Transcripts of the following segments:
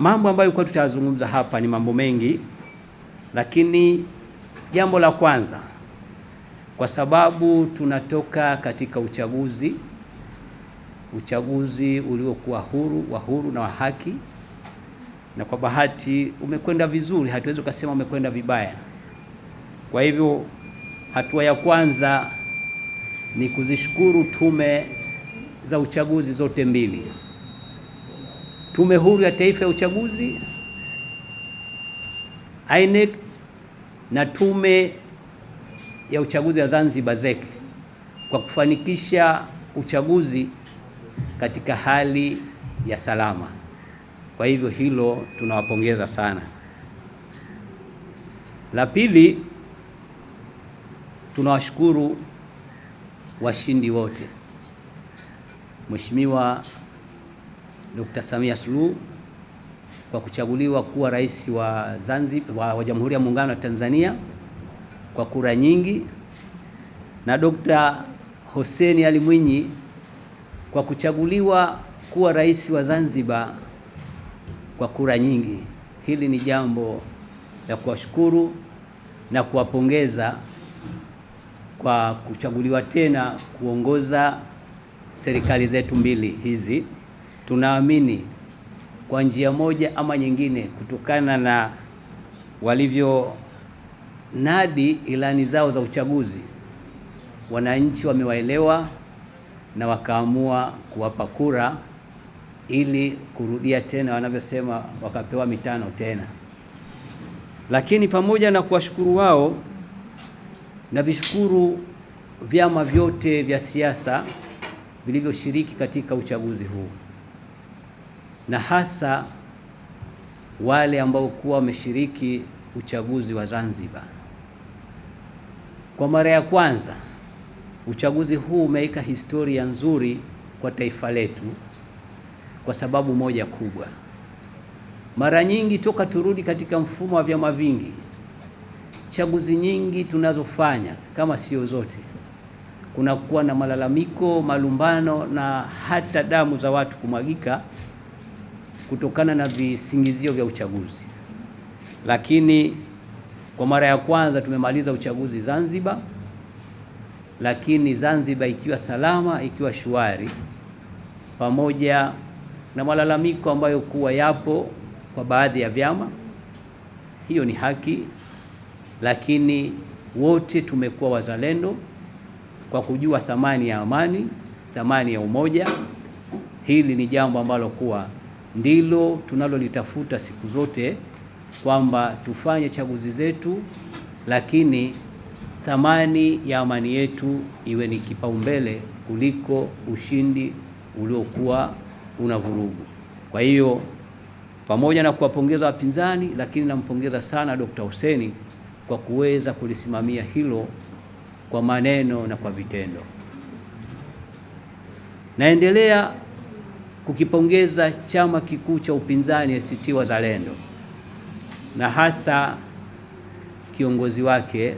Mambo ambayo kwa tutayazungumza hapa ni mambo mengi, lakini jambo la kwanza, kwa sababu tunatoka katika uchaguzi, uchaguzi uliokuwa huru wa huru na wa haki, na kwa bahati umekwenda vizuri, hatuwezi kusema umekwenda vibaya. Kwa hivyo hatua ya kwanza ni kuzishukuru tume za uchaguzi zote mbili. Tume Huru ya Taifa ya Uchaguzi INEC na Tume ya Uchaguzi wa Zanzibar ZEC kwa kufanikisha uchaguzi katika hali ya salama. Kwa hivyo hilo tunawapongeza sana. La pili, tunawashukuru washindi wote. Mheshimiwa Dr. Samia Suluhu kwa kuchaguliwa kuwa rais wa Zanzibar wa, wa Jamhuri ya Muungano wa Tanzania kwa kura nyingi na Dr. Hussein Ali Mwinyi kwa kuchaguliwa kuwa rais wa Zanzibar kwa kura nyingi. Hili ni jambo la kuwashukuru na kuwapongeza kwa kuchaguliwa tena kuongoza serikali zetu mbili hizi tunaamini kwa njia moja ama nyingine, kutokana na walivyonadi ilani zao za uchaguzi, wananchi wamewaelewa na wakaamua kuwapa kura ili kurudia tena, wanavyosema wakapewa mitano tena. Lakini pamoja na kuwashukuru wao, na vishukuru vyama vyote vya siasa vilivyoshiriki katika uchaguzi huu na hasa wale ambao kuwa wameshiriki uchaguzi wa Zanzibar. Kwa mara ya kwanza uchaguzi huu umeweka historia nzuri kwa taifa letu kwa sababu moja kubwa. Mara nyingi toka turudi katika mfumo wa vyama vingi, chaguzi nyingi tunazofanya kama sio zote, kunakuwa na malalamiko, malumbano na hata damu za watu kumwagika kutokana na visingizio vya uchaguzi. Lakini kwa mara ya kwanza tumemaliza uchaguzi Zanzibar, lakini Zanzibar ikiwa salama, ikiwa shwari, pamoja na malalamiko ambayo kuwa yapo kwa baadhi ya vyama, hiyo ni haki, lakini wote tumekuwa wazalendo kwa kujua thamani ya amani, thamani ya umoja. Hili ni jambo ambalo kuwa ndilo tunalolitafuta siku zote, kwamba tufanye chaguzi zetu, lakini thamani ya amani yetu iwe ni kipaumbele kuliko ushindi uliokuwa una vurugu. Kwa hiyo pamoja na kuwapongeza wapinzani, lakini nampongeza sana Dr. Hussein kwa kuweza kulisimamia hilo kwa maneno na kwa vitendo. Naendelea kukipongeza chama kikuu cha upinzani ACT Wazalendo na hasa kiongozi wake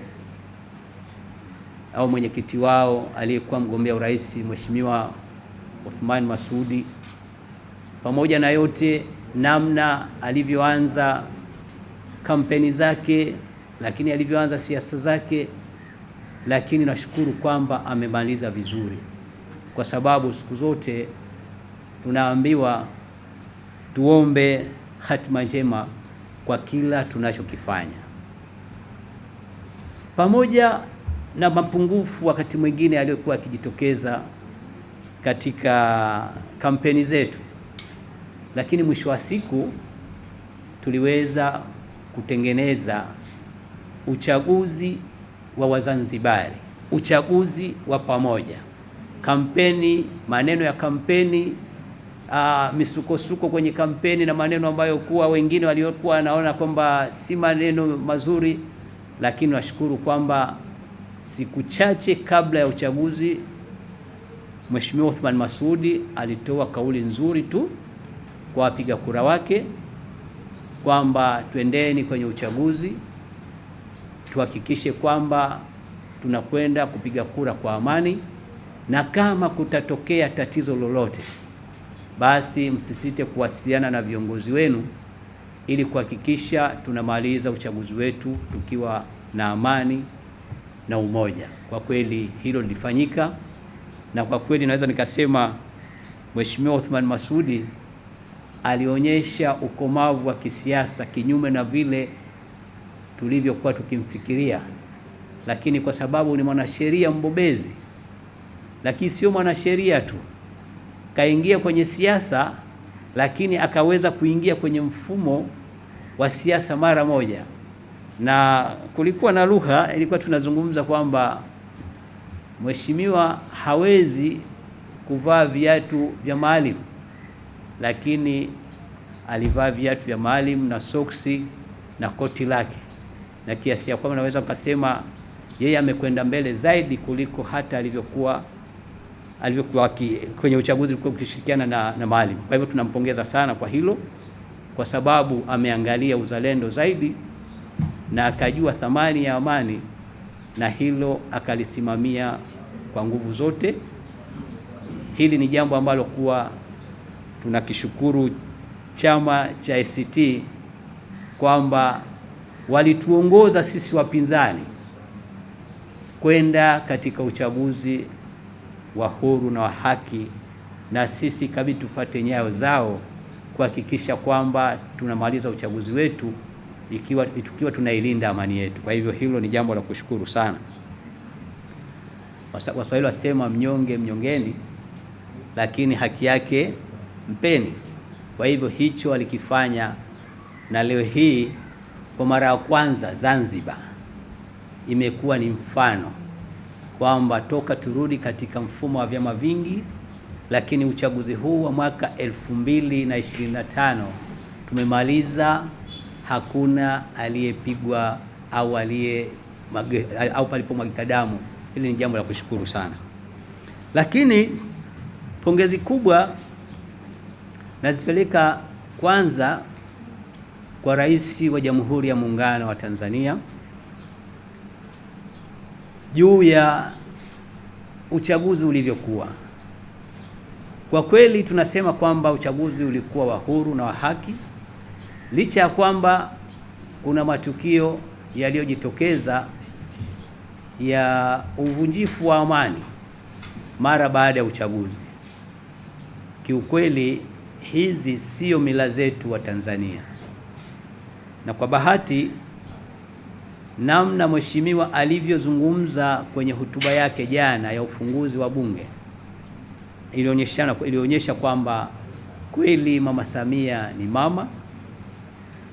au mwenyekiti wao aliyekuwa mgombea urais Mheshimiwa Othman Masudi, pamoja na yote namna alivyoanza kampeni zake, lakini alivyoanza siasa zake, lakini nashukuru kwamba amemaliza vizuri, kwa sababu siku zote tunaambiwa tuombe hatima njema kwa kila tunachokifanya, pamoja na mapungufu wakati mwingine aliyokuwa akijitokeza katika kampeni zetu, lakini mwisho wa siku tuliweza kutengeneza uchaguzi wa Wazanzibari, uchaguzi wa pamoja. Kampeni, maneno ya kampeni uh, misukosuko kwenye kampeni na maneno ambayo kuwa wengine waliokuwa wanaona kwamba si maneno mazuri, lakini nashukuru kwamba siku chache kabla ya uchaguzi Mheshimiwa Othman Masudi alitoa kauli nzuri tu kwa wapiga kura wake kwamba twendeni kwenye uchaguzi tuhakikishe kwamba tunakwenda kupiga kura kwa amani, na kama kutatokea tatizo lolote basi msisite kuwasiliana na viongozi wenu ili kuhakikisha tunamaliza uchaguzi wetu tukiwa na amani na umoja. Kwa kweli hilo lilifanyika, na kwa kweli naweza nikasema Mheshimiwa Othman Masudi alionyesha ukomavu wa kisiasa, kinyume na vile tulivyokuwa tukimfikiria, lakini kwa sababu ni mwanasheria mbobezi, lakini sio mwanasheria tu kaingia kwenye siasa, lakini akaweza kuingia kwenye mfumo wa siasa mara moja, na kulikuwa na lugha ilikuwa tunazungumza kwamba mheshimiwa hawezi kuvaa viatu vya maalim, lakini alivaa viatu vya maalim na soksi na koti lake, na kiasi ya kwamba naweza kusema yeye amekwenda mbele zaidi kuliko hata alivyokuwa alivyokuwa kwenye uchaguzi ulikuwa ukishirikiana na, na Maalim. Kwa hivyo tunampongeza sana kwa hilo, kwa sababu ameangalia uzalendo zaidi na akajua thamani ya amani, na hilo akalisimamia kwa nguvu zote. Hili ni jambo ambalo kuwa tunakishukuru chama cha ACT kwamba walituongoza sisi wapinzani kwenda katika uchaguzi wa huru na wa haki, na sisi kabidi tufate nyayo zao kuhakikisha kwamba tunamaliza uchaguzi wetu ikiwa tukiwa tunailinda amani yetu. Kwa hivyo hilo ni jambo la kushukuru sana. Waswahili wasema mnyonge mnyongeni, lakini haki yake mpeni. Kwa hivyo hicho alikifanya, na leo hii kwa mara ya kwanza Zanzibar imekuwa ni mfano kwamba toka turudi katika mfumo wa vyama vingi, lakini uchaguzi huu wa mwaka 2025 tumemaliza, hakuna aliyepigwa au aliye au palipomwagika damu. Hili ni jambo la kushukuru sana, lakini pongezi kubwa nazipeleka kwanza kwa Rais wa Jamhuri ya Muungano wa Tanzania juu ya uchaguzi ulivyokuwa. Kwa kweli tunasema kwamba uchaguzi ulikuwa wa huru na wa haki, licha ya kwamba kuna matukio yaliyojitokeza ya uvunjifu wa amani mara baada ya uchaguzi. Kiukweli hizi siyo mila zetu wa Tanzania, na kwa bahati namna mheshimiwa alivyozungumza kwenye hotuba yake jana ya ufunguzi wa Bunge ilionyeshana ilionyesha kwamba kweli Mama Samia ni mama,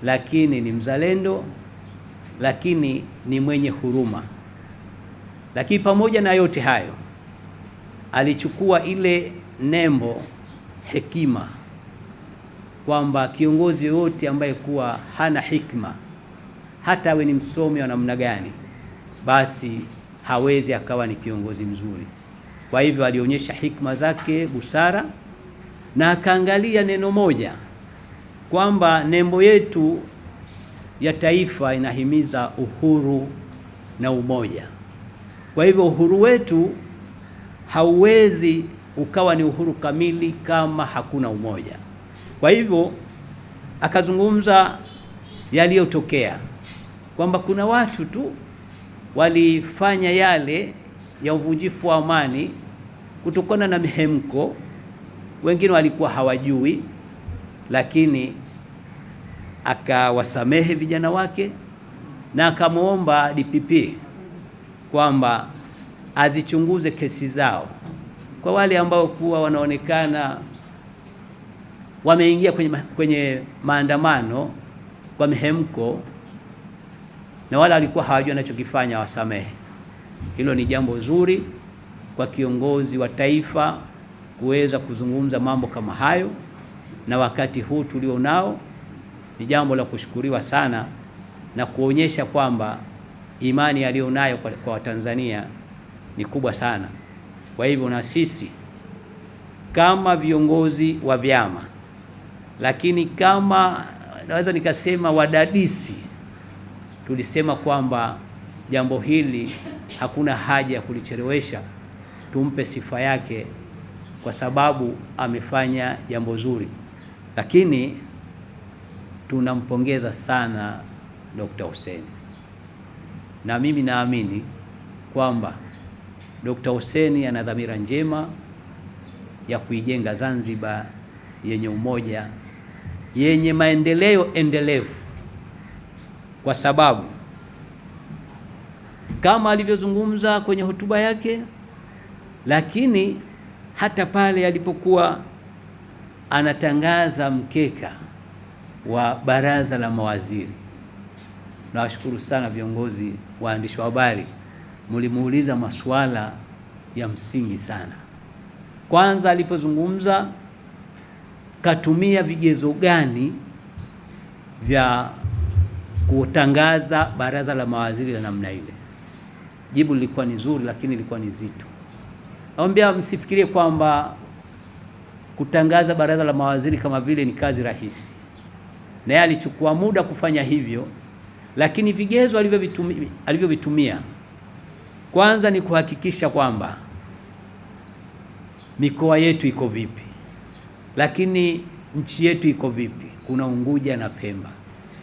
lakini ni mzalendo, lakini ni mwenye huruma. Lakini pamoja na yote hayo, alichukua ile nembo hekima, kwamba kiongozi yoyote ambaye kuwa hana hikma hata awe ni msomi wa namna gani, basi hawezi akawa ni kiongozi mzuri. Kwa hivyo alionyesha hikma zake, busara, na akaangalia neno moja kwamba nembo yetu ya taifa inahimiza uhuru na umoja. Kwa hivyo uhuru wetu hauwezi ukawa ni uhuru kamili kama hakuna umoja. Kwa hivyo akazungumza yaliyotokea kwamba kuna watu tu walifanya yale ya uvunjifu wa amani kutokana na mihemko, wengine walikuwa hawajui, lakini akawasamehe vijana wake na akamwomba DPP kwamba azichunguze kesi zao kwa wale ambao kuwa wanaonekana wameingia kwenye, kwenye maandamano kwa mihemko na wala alikuwa hawajua anachokifanya, wasamehe. Hilo ni jambo zuri kwa kiongozi wa taifa kuweza kuzungumza mambo kama hayo, na wakati huu tulio nao ni jambo la kushukuriwa sana na kuonyesha kwamba imani aliyonayo kwa Watanzania ni kubwa sana. Kwa hivyo na sisi kama viongozi wa vyama, lakini kama naweza nikasema wadadisi tulisema kwamba jambo hili hakuna haja ya kulichelewesha, tumpe sifa yake kwa sababu amefanya jambo zuri, lakini tunampongeza sana Dr. Hussein, na mimi naamini kwamba Dr. Hussein ana dhamira njema ya kuijenga Zanzibar yenye umoja yenye maendeleo endelevu kwa sababu kama alivyozungumza kwenye hotuba yake, lakini hata pale alipokuwa anatangaza mkeka wa baraza la mawaziri. Nawashukuru sana viongozi, waandishi wa habari, mlimuuliza masuala ya msingi sana. Kwanza alipozungumza, katumia vigezo gani vya kutangaza baraza la mawaziri la namna ile. Jibu lilikuwa ni zuri, lakini lilikuwa ni zito. Naomba msifikirie kwamba kutangaza baraza la mawaziri kama vile ni kazi rahisi, naye alichukua muda kufanya hivyo, lakini vigezo alivyovitumia alivyovitumia, kwanza ni kuhakikisha kwamba mikoa yetu iko vipi, lakini nchi yetu iko vipi? Kuna Unguja na Pemba,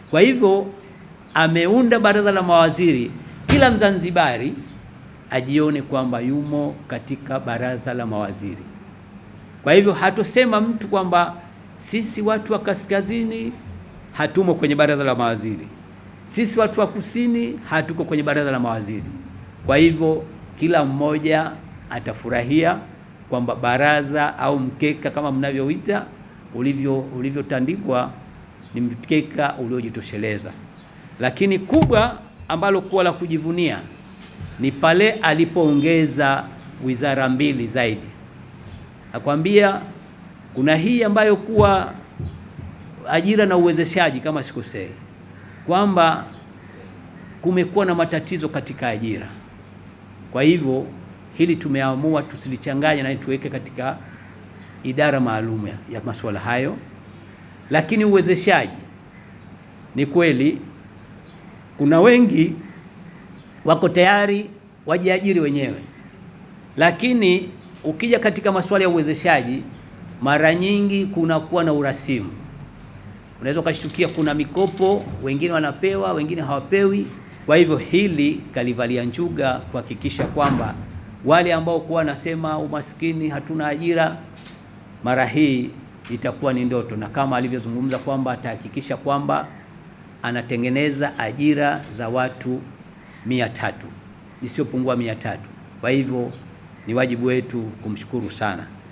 kwa hivyo ameunda baraza la mawaziri, kila Mzanzibari ajione kwamba yumo katika baraza la mawaziri. Kwa hivyo hatosema mtu kwamba sisi watu wa kaskazini hatumo kwenye baraza la mawaziri, sisi watu wa kusini hatuko kwenye baraza la mawaziri. Kwa hivyo kila mmoja atafurahia kwamba baraza au mkeka kama mnavyoita ulivyotandikwa ulivyo ni mkeka uliojitosheleza. Lakini kubwa ambalo kuwa la kujivunia ni pale alipoongeza wizara mbili zaidi. Nakwambia kuna hii ambayo kuwa ajira na uwezeshaji, kama sikosei, kwamba kumekuwa na matatizo katika ajira. Kwa hivyo hili tumeamua tusilichanganye na tuweke katika idara maalum ya masuala hayo. Lakini uwezeshaji ni kweli kuna wengi wako tayari wajiajiri wenyewe, lakini ukija katika masuala ya uwezeshaji, mara nyingi kunakuwa na urasimu. Unaweza ukashtukia kuna mikopo, wengine wanapewa, wengine hawapewi. Kwa hivyo hili kalivalia njuga kuhakikisha kwamba wale ambao kuwa wanasema umaskini, hatuna ajira, mara hii itakuwa ni ndoto, na kama alivyozungumza kwamba atahakikisha kwamba anatengeneza ajira za watu mia tatu isiyopungua mia tatu. Kwa hivyo ni wajibu wetu kumshukuru sana.